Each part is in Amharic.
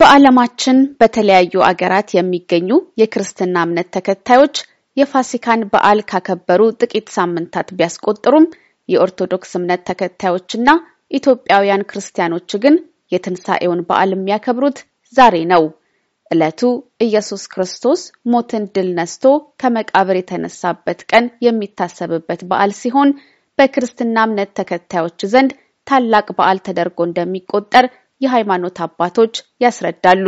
በዓለማችን በተለያዩ አገራት የሚገኙ የክርስትና እምነት ተከታዮች የፋሲካን በዓል ካከበሩ ጥቂት ሳምንታት ቢያስቆጥሩም የኦርቶዶክስ እምነት ተከታዮችና ኢትዮጵያውያን ክርስቲያኖች ግን የትንሣኤውን በዓል የሚያከብሩት ዛሬ ነው። ዕለቱ ኢየሱስ ክርስቶስ ሞትን ድል ነስቶ ከመቃብር የተነሳበት ቀን የሚታሰብበት በዓል ሲሆን በክርስትና እምነት ተከታዮች ዘንድ ታላቅ በዓል ተደርጎ እንደሚቆጠር የሃይማኖት አባቶች ያስረዳሉ።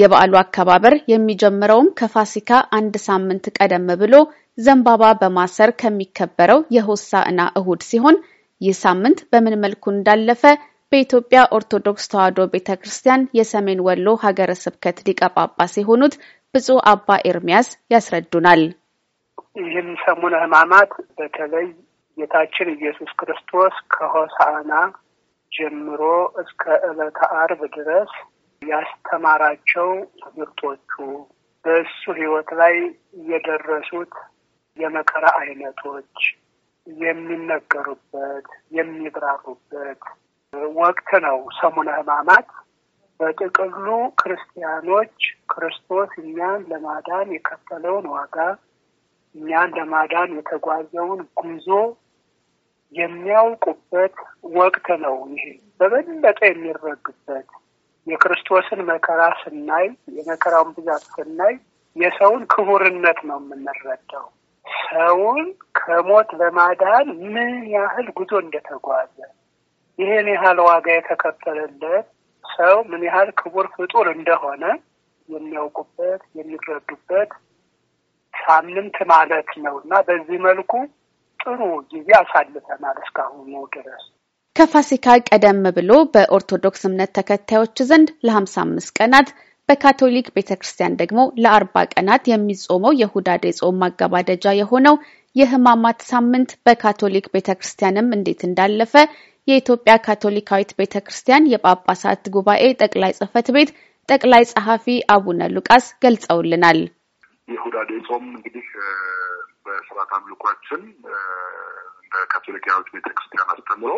የበዓሉ አከባበር የሚጀምረውም ከፋሲካ አንድ ሳምንት ቀደም ብሎ ዘንባባ በማሰር ከሚከበረው የሆሳዕና እሁድ ሲሆን ይህ ሳምንት በምን መልኩ እንዳለፈ በኢትዮጵያ ኦርቶዶክስ ተዋሕዶ ቤተ ክርስቲያን የሰሜን ወሎ ሀገረ ስብከት ሊቀ ጳጳስ የሆኑት ብፁዕ አባ ኤርሚያስ ያስረዱናል። ይህን ሰሙነ ሕማማት በተለይ ጌታችን ኢየሱስ ክርስቶስ ከሆሳዕና ጀምሮ እስከ ዕለተ አርብ ድረስ ያስተማራቸው ትምህርቶቹ በእሱ ህይወት ላይ የደረሱት የመከራ አይነቶች የሚነገሩበት የሚብራሩበት ወቅት ነው። ሰሙነ ሕማማት በጥቅሉ ክርስቲያኖች ክርስቶስ እኛን ለማዳን የከፈለውን ዋጋ እኛን ለማዳን የተጓዘውን ጉዞ የሚያውቁበት ወቅት ነው። ይሄ በበለጠ የሚረግበት የክርስቶስን መከራ ስናይ፣ የመከራውን ብዛት ስናይ የሰውን ክቡርነት ነው የምንረዳው። ሰውን ከሞት ለማዳን ምን ያህል ጉዞ እንደተጓዘ ይህን ያህል ዋጋ የተከፈለለት ሰው ምን ያህል ክቡር ፍጡር እንደሆነ የሚያውቁበት የሚረዱበት ሳምንት ማለት ነው እና በዚህ መልኩ ጥሩ ጊዜ አሳልፈናል እስካሁኑ ድረስ። ከፋሲካ ቀደም ብሎ በኦርቶዶክስ እምነት ተከታዮች ዘንድ ለሀምሳ አምስት ቀናት በካቶሊክ ቤተ ክርስቲያን ደግሞ ለአርባ ቀናት የሚጾመው የሁዳዴ ጾም ማገባደጃ የሆነው የሕማማት ሳምንት በካቶሊክ ቤተ ክርስቲያንም እንዴት እንዳለፈ የኢትዮጵያ ካቶሊካዊት ቤተ ክርስቲያን የጳጳሳት ጉባኤ ጠቅላይ ጽህፈት ቤት ጠቅላይ ጸሐፊ አቡነ ሉቃስ ገልጸውልናል። ይህ ሁዳዴ ጾም እንግዲህ በስርዓት አምልኳችን እንደ ካቶሊካዊት ቤተክርስቲያን አስተምሮ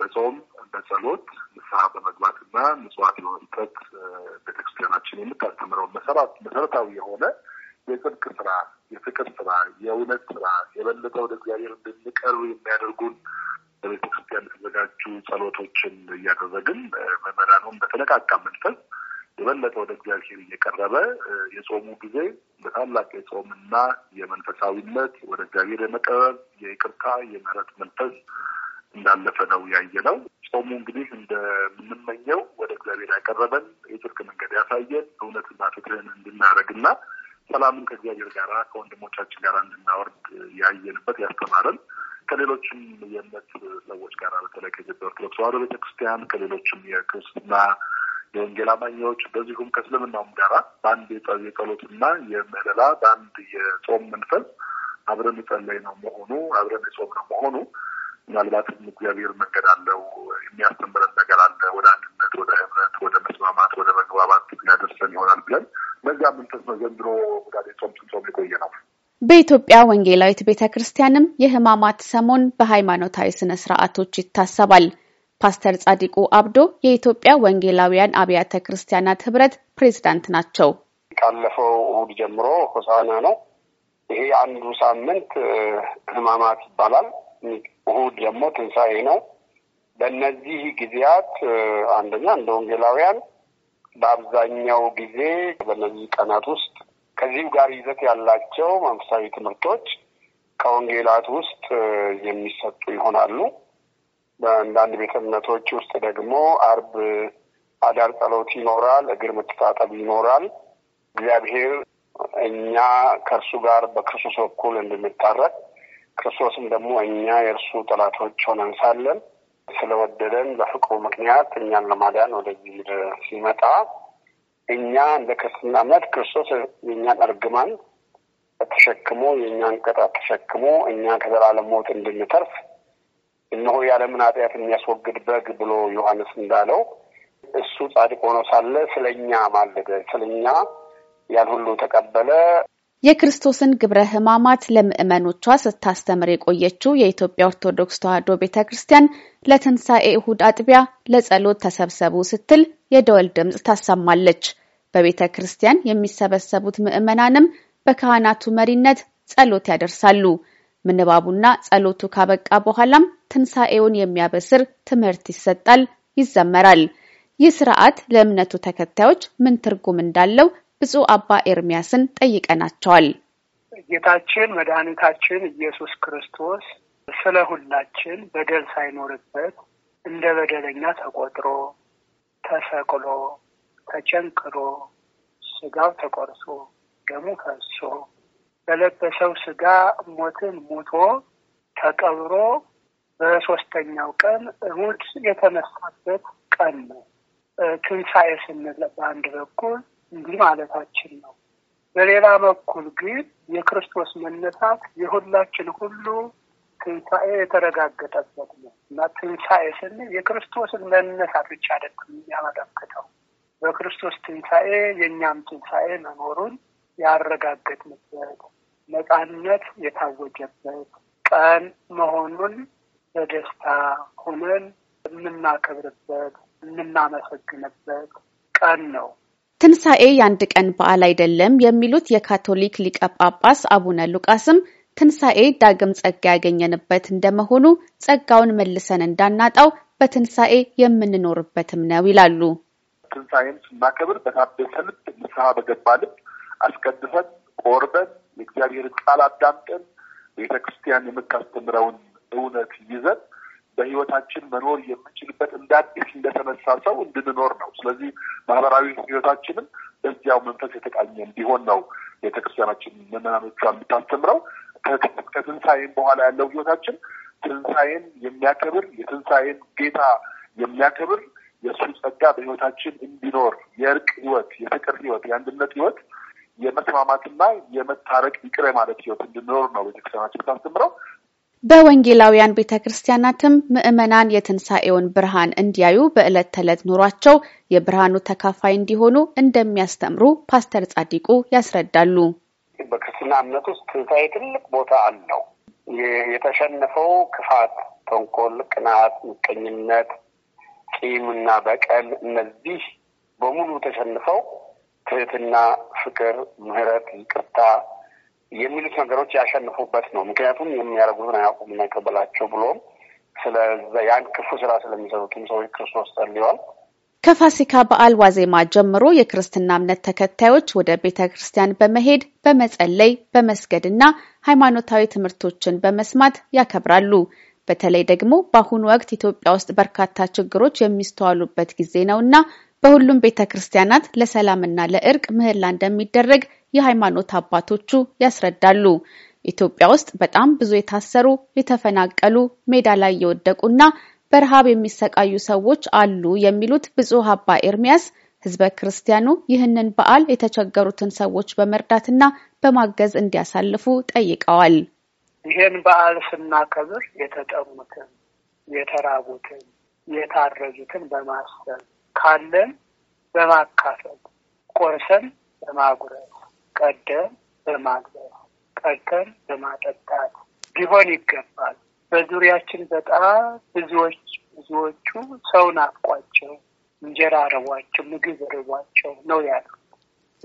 በጾም በጸሎት ንስሐ በመግባትና ምጽዋት በመስጠት ቤተክርስቲያናችን የምታስተምረውን መሰረታዊ የሆነ የጽድቅ ስራ፣ የፍቅር ስራ፣ የእውነት ስራ የበለጠ ወደ እግዚአብሔር እንድንቀርብ የሚያደርጉን በቤተክርስቲያን የተዘጋጁ ጸሎቶችን እያደረግን ምዕመናኑን በተነቃቃ መንፈስ የበለጠ ወደ እግዚአብሔር እየቀረበ የጾሙ ጊዜ በታላቅ የጾምና የመንፈሳዊነት ወደ እግዚአብሔር የመቀረብ የይቅርታ የምህረት መንፈስ እንዳለፈ ነው ያየ ነው። ጾሙ እንግዲህ እንደምንመኘው ወደ እግዚአብሔር ያቀረበን የጽድቅ መንገድ ያሳየን እውነትና ፍትህን እንድናደርግና ሰላምን ከእግዚአብሔር ጋር ከወንድሞቻችን ጋር እንድናወርድ ያየንበት ያስተማረን ከሌሎችም የእምነት ሰዎች ጋር በተለይ ከኢትዮጵያ ኦርቶዶክስ ተዋሕዶ ቤተክርስቲያን ከሌሎችም የክርስትና የወንጌል አማኞች በዚሁም ከእስልምናውም ጋራ በአንድ የጸሎትና የምህለላ በአንድ የጾም መንፈስ አብረን የጸለይ ነው መሆኑ አብረን የጾም ነው መሆኑ ምናልባትም እግዚአብሔር መንገድ አለው የሚያስተምረን ነገር አለ ወደ አንድነት፣ ወደ ህብረት፣ ወደ መስማማት፣ ወደ መግባባት ያደርሰን ይሆናል ብለን በዚያ መንፈስ ነው ዘንድሮ ጉዳዴ ጾም ስንጾም የቆየ ነው። በኢትዮጵያ ወንጌላዊት ቤተ ክርስቲያንም የህማማት ሰሞን በሃይማኖታዊ ስነ ስርዓቶች ይታሰባል። ፓስተር ጻዲቁ አብዶ የኢትዮጵያ ወንጌላውያን አብያተ ክርስቲያናት ህብረት ፕሬዝዳንት ናቸው። ካለፈው እሁድ ጀምሮ ሆሳና ነው። ይሄ አንዱ ሳምንት ህማማት ይባላል። እሁድ ደግሞ ትንሣኤ ነው። በእነዚህ ጊዜያት አንደኛ እንደ ወንጌላውያን በአብዛኛው ጊዜ በእነዚህ ቀናት ውስጥ ከዚሁ ጋር ይዘት ያላቸው መንፈሳዊ ትምህርቶች ከወንጌላት ውስጥ የሚሰጡ ይሆናሉ። በአንዳንድ ቤተ እምነቶች ውስጥ ደግሞ አርብ አዳር ጸሎት ይኖራል፣ እግር መተጣጠብ ይኖራል። እግዚአብሔር እኛ ከእርሱ ጋር በክርስቶስ በኩል እንድንታረቅ ክርስቶስም ደግሞ እኛ የእርሱ ጠላቶች ሆነን ሳለን ስለወደደን በፍቅሩ ምክንያት እኛን ለማዳን ወደዚህ ምድር ሲመጣ እኛ እንደ ክርስትና እምነት ክርስቶስ የእኛን እርግማን ተሸክሞ የእኛን ቅጣት ተሸክሞ እኛ ከዘላለም ሞት እንድንተርፍ እነሆ የዓለምን ኃጢአት የሚያስወግድ በግ ብሎ ዮሐንስ እንዳለው እሱ ጻድቅ ሆኖ ሳለ ስለኛ ማለደ፣ ስለኛ ያን ሁሉ ተቀበለ። የክርስቶስን ግብረ ሕማማት ለምዕመኖቿ ስታስተምር የቆየችው የኢትዮጵያ ኦርቶዶክስ ተዋሕዶ ቤተ ክርስቲያን ለትንሣኤ እሁድ አጥቢያ ለጸሎት ተሰብሰቡ ስትል የደወል ድምፅ ታሰማለች። በቤተ ክርስቲያን የሚሰበሰቡት ምዕመናንም በካህናቱ መሪነት ጸሎት ያደርሳሉ። ምንባቡና ጸሎቱ ካበቃ በኋላም ትንሣኤውን የሚያበስር ትምህርት ይሰጣል፣ ይዘመራል። ይህ ስርዓት ለእምነቱ ተከታዮች ምን ትርጉም እንዳለው ብፁዕ አባ ኤርሚያስን ጠይቀናቸዋል። ጌታችን መድኃኒታችን ኢየሱስ ክርስቶስ ስለ ሁላችን በደል ሳይኖርበት እንደ በደለኛ ተቆጥሮ ተሰቅሎ ተጨንቅሮ ስጋው ተቆርሶ ደሙ ፈሶ በለበሰው ስጋ ሞትን ሙቶ ተቀብሮ በሶስተኛው ቀን እሁድ የተነሳበት ቀን ነው። ትንሣኤ ስንል በአንድ በኩል እንዲህ ማለታችን ነው። በሌላ በኩል ግን የክርስቶስ መነሳት የሁላችን ሁሉ ትንሣኤ የተረጋገጠበት ነው እና ትንሣኤ ስንል የክርስቶስን መነሳት ብቻ አይደለም የሚያመለክተው በክርስቶስ ትንሣኤ የእኛም ትንሣኤ መኖሩን ያረጋገጥንበት ነፃነት የታወጀበት ቀን መሆኑን በደስታ ሆነን የምናከብርበት የምናመሰግንበት ቀን ነው። ትንሣኤ የአንድ ቀን በዓል አይደለም የሚሉት የካቶሊክ ሊቀ ጳጳስ አቡነ ሉቃስም ትንሣኤ ዳግም ጸጋ ያገኘንበት እንደመሆኑ ጸጋውን መልሰን እንዳናጣው በትንሣኤ የምንኖርበትም ነው ይላሉ። ትንሣኤን ስናከብር በታደሰ ልብ፣ ንስሐ በገባ ልብ አስቀድፈን ቆርበን የእግዚአብሔር ቃል አዳምጠን ቤተ ክርስቲያን የምታስተምረውን እውነት ይዘን በህይወታችን መኖር የምንችልበት እንደ አዲስ እንደተነሳ ሰው እንድንኖር ነው። ስለዚህ ማህበራዊ ህይወታችንም በዚያው መንፈስ የተቃኘ እንዲሆን ነው ቤተክርስቲያናችን መመናኖቿ የምታስተምረው። ከትንሣኤን በኋላ ያለው ህይወታችን ትንሣኤን የሚያከብር የትንሣኤን ጌታ የሚያከብር የእሱ ጸጋ በህይወታችን እንዲኖር የእርቅ ህይወት፣ የፍቅር ህይወት፣ የአንድነት ህይወት የመስማማትና የመታረቅ ይቅር ማለት ህይወት እንድንኖር ነው ቤተክርስቲያናችን የምታስተምረው። በወንጌላውያን ቤተ ክርስቲያናትም ምዕመናን የትንሣኤውን ብርሃን እንዲያዩ በዕለት ተዕለት ኑሯቸው የብርሃኑ ተካፋይ እንዲሆኑ እንደሚያስተምሩ ፓስተር ጻዲቁ ያስረዳሉ። በክርስትና እምነት ውስጥ ትንሣኤ ትልቅ ቦታ አለው። የተሸነፈው ክፋት፣ ተንኮል፣ ቅናት፣ ምቀኝነት፣ ቂምና በቀል እነዚህ በሙሉ ተሸንፈው ትህትና፣ ፍቅር፣ ምህረት፣ ይቅርታ የሚሉት ነገሮች ያሸንፉበት ነው። ምክንያቱም የሚያደርጉትን አያውቁም እና ይቀበላቸው ብሎ ስለ ያን ክፉ ስራ ስለሚሰሩትም ሰዎች ክርስቶስ ጸልዋል። ከፋሲካ በዓል ዋዜማ ጀምሮ የክርስትና እምነት ተከታዮች ወደ ቤተ ክርስቲያን በመሄድ በመጸለይ በመስገድና ሃይማኖታዊ ትምህርቶችን በመስማት ያከብራሉ። በተለይ ደግሞ በአሁኑ ወቅት ኢትዮጵያ ውስጥ በርካታ ችግሮች የሚስተዋሉበት ጊዜ ነውና በሁሉም ቤተ ክርስቲያናት ለሰላምና ለእርቅ ምህላ እንደሚደረግ የሃይማኖት አባቶቹ ያስረዳሉ። ኢትዮጵያ ውስጥ በጣም ብዙ የታሰሩ፣ የተፈናቀሉ፣ ሜዳ ላይ የወደቁና በረሃብ የሚሰቃዩ ሰዎች አሉ የሚሉት ብፁዕ አባ ኤርሚያስ ህዝበ ክርስቲያኑ ይህንን በዓል የተቸገሩትን ሰዎች በመርዳትና በማገዝ እንዲያሳልፉ ጠይቀዋል። ይህን በዓል ስናከብር የተጠሙትን፣ የተራቡትን፣ የታረዙትን በማሰብ ካለን በማካፈል ቆርሰን በማጉረስ ቀደም በማግበር ቀድተን በማጠጣት ሊሆን ይገባል። በዙሪያችን በጣም ብዙዎች ብዙዎቹ ሰውን ናፍቋቸው እንጀራ ርቧቸው ምግብ ርቧቸው ነው ያሉ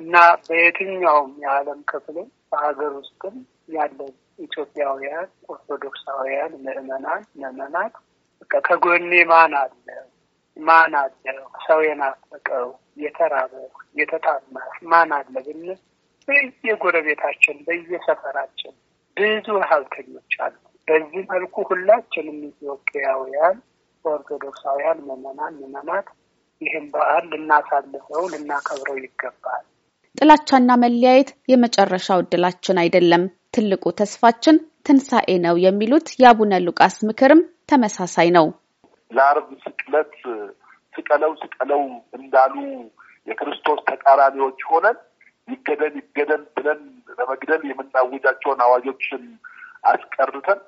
እና በየትኛውም የዓለም ክፍል በሀገር ውስጥም ያለ ኢትዮጵያውያን ኦርቶዶክሳውያን ምዕመናን ምዕመናት ከጎኔ ማን አለ ማን አለ ሰው የናፈቀው የተራበ የተጣማ ማን አለ ብንል በየጎረቤታችን በየሰፈራችን ብዙ ሀብተኞች አሉ። በዚህ መልኩ ሁላችንም ኢትዮጵያውያን ኦርቶዶክሳውያን ምዕመናን ምዕመናት ይህን በዓል ልናሳልፈው ልናከብረው ይገባል። ጥላቻና መለያየት የመጨረሻው እድላችን አይደለም፣ ትልቁ ተስፋችን ትንሣኤ ነው የሚሉት የአቡነ ሉቃስ ምክርም ተመሳሳይ ነው። ለአርብ ስቅለት ስቀለው ስቀለው እንዳሉ የክርስቶስ ተቃራኒዎች ሆነን ይገደል ይገደል ብለን ለመግደል የምናወጃቸውን አዋጆችን አስቀርተን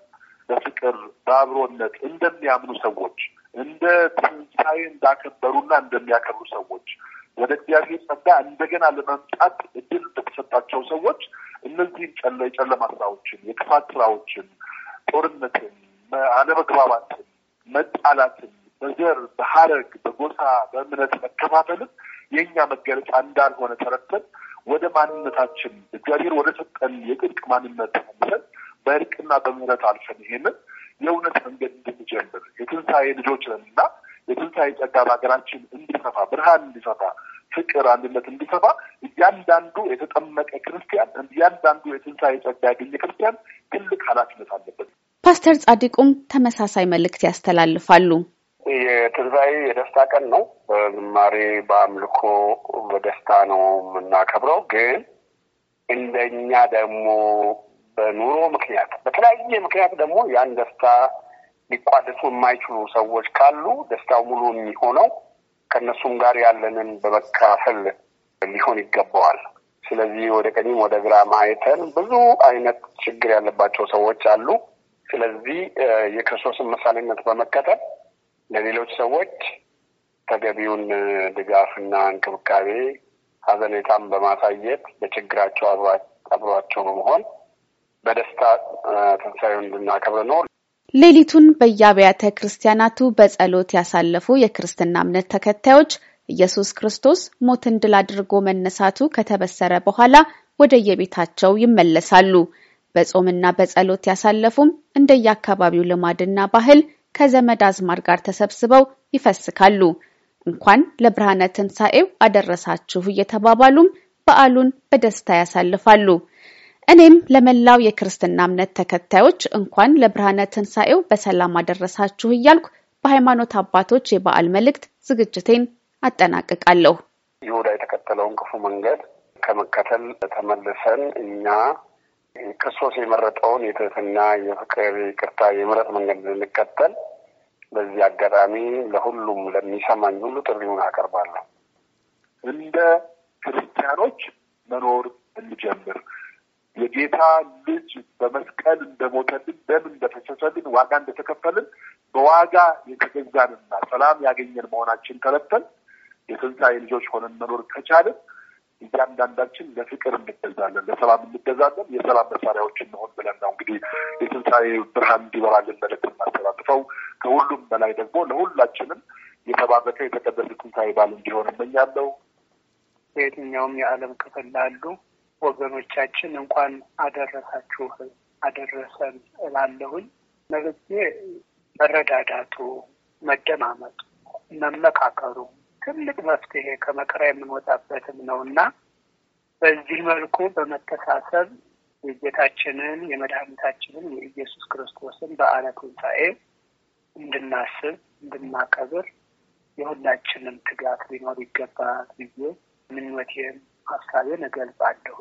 በፍቅር በአብሮነት እንደሚያምኑ ሰዎች እንደ ትንሣኤ እንዳከበሩና እንደሚያከብሩ ሰዎች ወደ እግዚአብሔር ጸጋ እንደገና ለመምጣት እድል እንደተሰጣቸው ሰዎች እነዚህን የጨለማ ስራዎችን፣ የክፋት ስራዎችን፣ ጦርነትን፣ አለመግባባት በቃላትን፣ በዘር፣ በሀረግ፣ በጎሳ፣ በእምነት መከፋፈልም የእኛ መገለጫ እንዳልሆነ ተረድተን ወደ ማንነታችን እግዚአብሔር ወደ ሰጠን የቅድቅ ማንነት ተመልሰን በእርቅና በምህረት አልፈን ይሄንን የእውነት መንገድ እንድንጀምር የትንሣኤ ልጆች ነን እና የትንሣኤ ጸጋ በሀገራችን እንዲሰፋ፣ ብርሃን እንዲሰፋ፣ ፍቅር፣ አንድነት እንዲሰፋ እያንዳንዱ የተጠመቀ ክርስቲያን፣ እያንዳንዱ የትንሣኤ ጸጋ ያገኘ ክርስቲያን ትልቅ ኃላፊነት አለበት። ፓስተር ጻዲቁም ተመሳሳይ መልእክት ያስተላልፋሉ። የትንሣኤ የደስታ ቀን ነው። በዝማሬ በአምልኮ በደስታ ነው የምናከብረው። ግን እንደኛ ደግሞ በኑሮ ምክንያት በተለያየ ምክንያት ደግሞ ያን ደስታ ሊቋደሱ የማይችሉ ሰዎች ካሉ ደስታው ሙሉ የሚሆነው ከእነሱም ጋር ያለንን በመካፈል ሊሆን ይገባዋል። ስለዚህ ወደ ቀኝም ወደ ግራም አይተን ብዙ አይነት ችግር ያለባቸው ሰዎች አሉ። ስለዚህ የክርስቶስን ምሳሌነት በመከተል ለሌሎች ሰዎች ተገቢውን ድጋፍና እንክብካቤ ሐዘኔታን በማሳየት በችግራቸው አብሯቸው በመሆን በደስታ ትንሣኤውን እንድናከብር ነው። ሌሊቱን በየአብያተ ክርስቲያናቱ በጸሎት ያሳለፉ የክርስትና እምነት ተከታዮች ኢየሱስ ክርስቶስ ሞትን ድል አድርጎ መነሳቱ ከተበሰረ በኋላ ወደ የቤታቸው ይመለሳሉ። በጾምና በጸሎት ያሳለፉም እንደየአካባቢው ልማድና ባህል ከዘመድ አዝማር ጋር ተሰብስበው ይፈስካሉ። እንኳን ለብርሃነ ትንሣኤው አደረሳችሁ እየተባባሉም በዓሉን በደስታ ያሳልፋሉ። እኔም ለመላው የክርስትና እምነት ተከታዮች እንኳን ለብርሃነ ትንሣኤው በሰላም አደረሳችሁ እያልኩ በሃይማኖት አባቶች የበዓል መልእክት ዝግጅቴን አጠናቅቃለሁ። ይሁዳ የተከተለውን ክፉ መንገድ ከመከተል ተመልሰን እኛ ክርስቶስ የመረጠውን የትህትና፣ የፍቅር፣ ይቅርታ፣ የምረጥ መንገድ እንከተል። በዚህ አጋጣሚ ለሁሉም ለሚሰማኝ ሁሉ ጥሪውን አቀርባለሁ። እንደ ክርስቲያኖች መኖር እንጀምር። የጌታ ልጅ በመስቀል እንደሞተልን፣ ደም እንደፈሰሰልን፣ ዋጋ እንደተከፈልን፣ በዋጋ የተገዛንና ሰላም ያገኘን መሆናችን ተረድተን የትንሣኤ ልጆች ሆነን መኖር ከቻልን እያንዳንዳችን ለፍቅር እንገዛለን፣ ለሰላም እንገዛለን፣ የሰላም መሳሪያዎች እንሆን ብለን ነው እንግዲህ የትንሣኤ ብርሃን እንዲበራልን መልዕክት እናስተላልፈው። ከሁሉም በላይ ደግሞ ለሁላችንም የተባረከ የተቀደሰ ትንሣኤ በዓል እንዲሆን እመኛለሁ። በየትኛውም የዓለም ክፍል ላሉ ወገኖቻችን እንኳን አደረሳችሁ አደረሰን እላለሁኝ። መልዕክቴ መረዳዳቱ፣ መደማመጡ፣ መመካከሩ ትልቅ መፍትሄ ከመከራ የምንወጣበትም ነው እና በዚህ መልኩ በመተሳሰብ የጌታችንን የመድኃኒታችንን የኢየሱስ ክርስቶስን በዓለ ትንሣኤ እንድናስብ እንድናከብር የሁላችንም ትጋት ሊኖር ይገባል ብዬ ምኞቴን ሀሳቤን እገልጻለሁ።